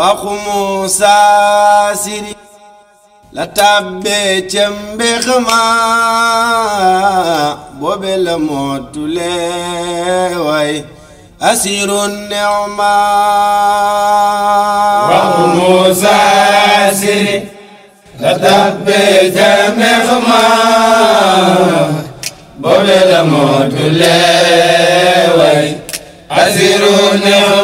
waxu Muusaa Siri la tàbbee ca mbéx ma boobe la mootule way asiru neema waxu Muusaa Siri la tàbbee ca mbéx ma boobe la mootule way asiru neema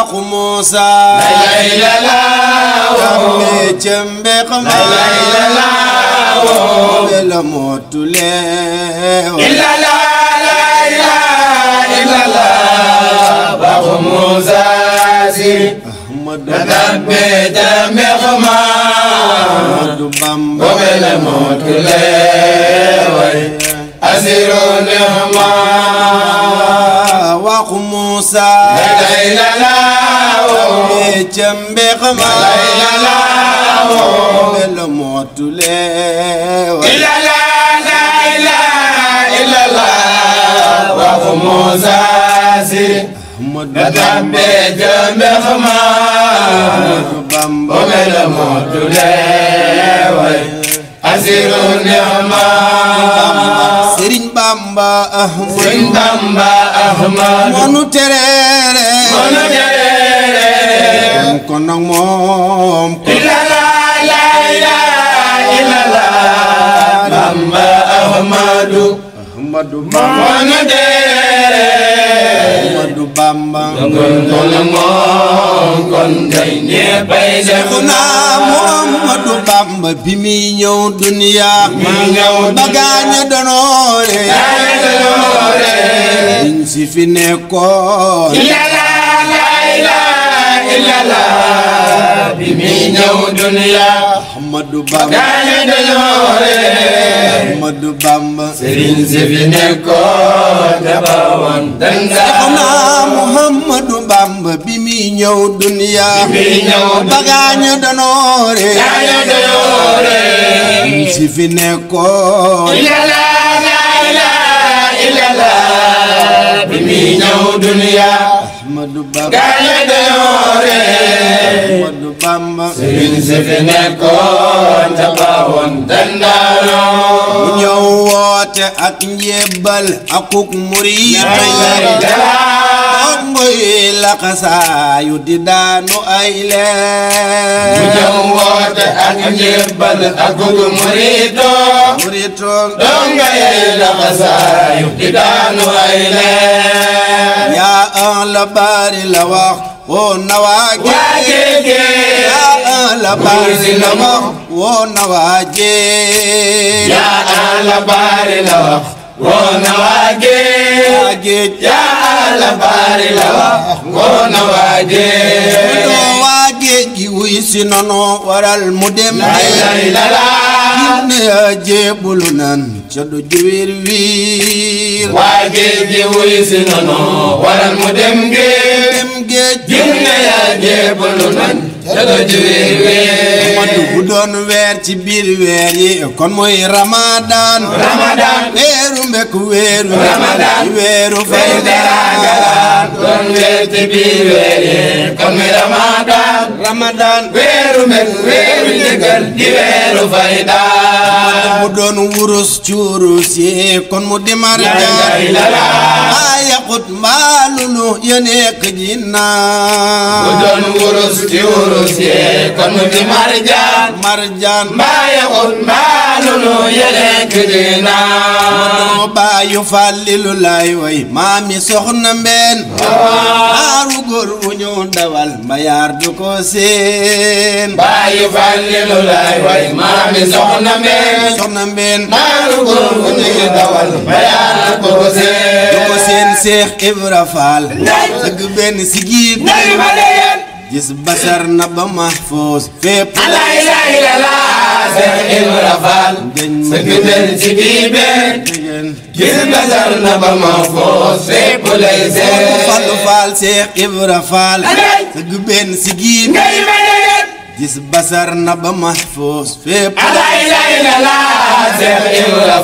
Mbaaxu Moussa. laylalaawoo kàmmee ca Mbéx Mbaax. laylalaawoo kàmmee la motule. ilala layla ilala Mbaaxu Moussa si. kàmmee ca Mbéx Mbaax. boobee la motule way. asiroo neex ma. Mbaaxu Moussa. laylala. ca mbeex ma laylalaawo belo mootule ilalaa waafu mosaasi na dambe ca mbeex ma bamba belo mootule way asiru nexma Sëriñ Bamba Ahmad Sëriñ Bamba Ahmad monu terere monu terere dem kon nag moom ilala la ilaha illallah bamba ahmadu ahmadu mamadou ahmadu bamba kon kon moom kon day ñeppay def na Muhammadu Bamba bi muy ñëw duniya bagaaña donoore diñ si fi nekkoon illa la bi mi ñëw dunya Ahmadu Bamba gaay dañoo ree Ahmadu Bamba Serigne si fi nekkoon dabawoon danga xanaa Muhammadu Bamba bi mi ñëw dunya bi mi ñëw dunya bagaañu dañoo ree gaay dañoo ree si fi nekkoon illa la la illa la bi mi ñëw dunya Ahmadou Bamba gañe deyoore Ahmadou Bamba sëriñ si fi nekkoon ca baaxoon dandaanoo mu ñëw woote ak njébbal akuk muri mooy laxasaayu di daanu ay leer. mu jëm woote ak njëbbal ak gu murito. murito. dong ngay laxasaayu di daanu ay leer. la bari la wax woo na waa jéege yaa la bari la wax woo na waa jéeg yaa la bari la wax woo na waa jéeg yaa la bari la wax woo na waa jéeg woo waa jéeg ji wuy si noonu waral la la Ya jébbulu nan ca du jiwiir wiir waa géej gi wuy si nanu waral mu dem géej dem géej jëm na yaa jébbulu nan ca du jiwiir wiir ma dugg doon weer ci biir weer yi kon mooy ramadaan ramadaan weeru mbekk weeru ramadaan weeru fay daraagalaan doon weer ci biir weer yi kon mooy ramadaan ramadaan weeru mbekk weeru njëgal di weeru fay daan mu doon wurus ci wurus yi kon mu di marjaan yàqut mbaalu nu yéeneek ginnaaw. bu doon wurus di wurus yee kon mu di marjaan. marjaan mbaa yàqut mbaalu nu yéeneek ginnaaw. mënoo baayu fàllilu laay way maami soxna mbeen. aaru góor wu ñu dawal mayaar du ko seen. baayu fàllilu laay way maami soxna mbeen. soxna mbeen aaru góor wu ñu dawal du ko seen seex Ibra Faal dëgg benn sigiib gis basar na ba mahfuus fépp la ilaha illallah seex Ibra Faal dëgg benn sigiib gis basar na ba mahfuus fépp lay seex Fallu Faal seex Ibra Faal dëgg benn sigiib gis basar na ba mahfuus fépp la ilaha illallah Seex Ibra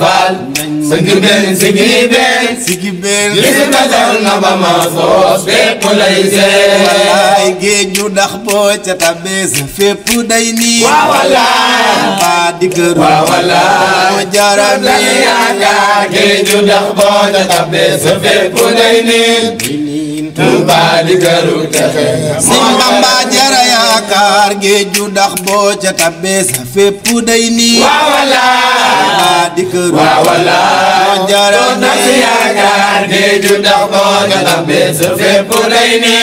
wallaay géej ñu ca tabee sa fépp day nii waaw baa di ca tabee day nii Tuubaa di këru texe Sëñ ca tabee day nii dikër waa walla doon na si yaakaar ne ju ndax boo nga lambee sa fépp lay ne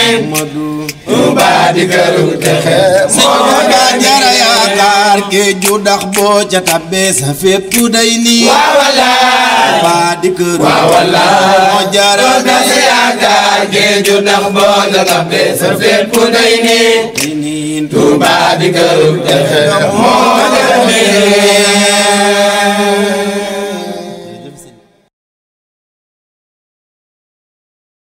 Touba di këru texe moo nga jara yaakaar géeju ndax boo ca tabbee sa fépp day nii waa wallaay Touba di këru waa wallaay moo jara yaakaar géeju ndax boo ca tabbee sa fépp day nii Touba di këru texe moo nga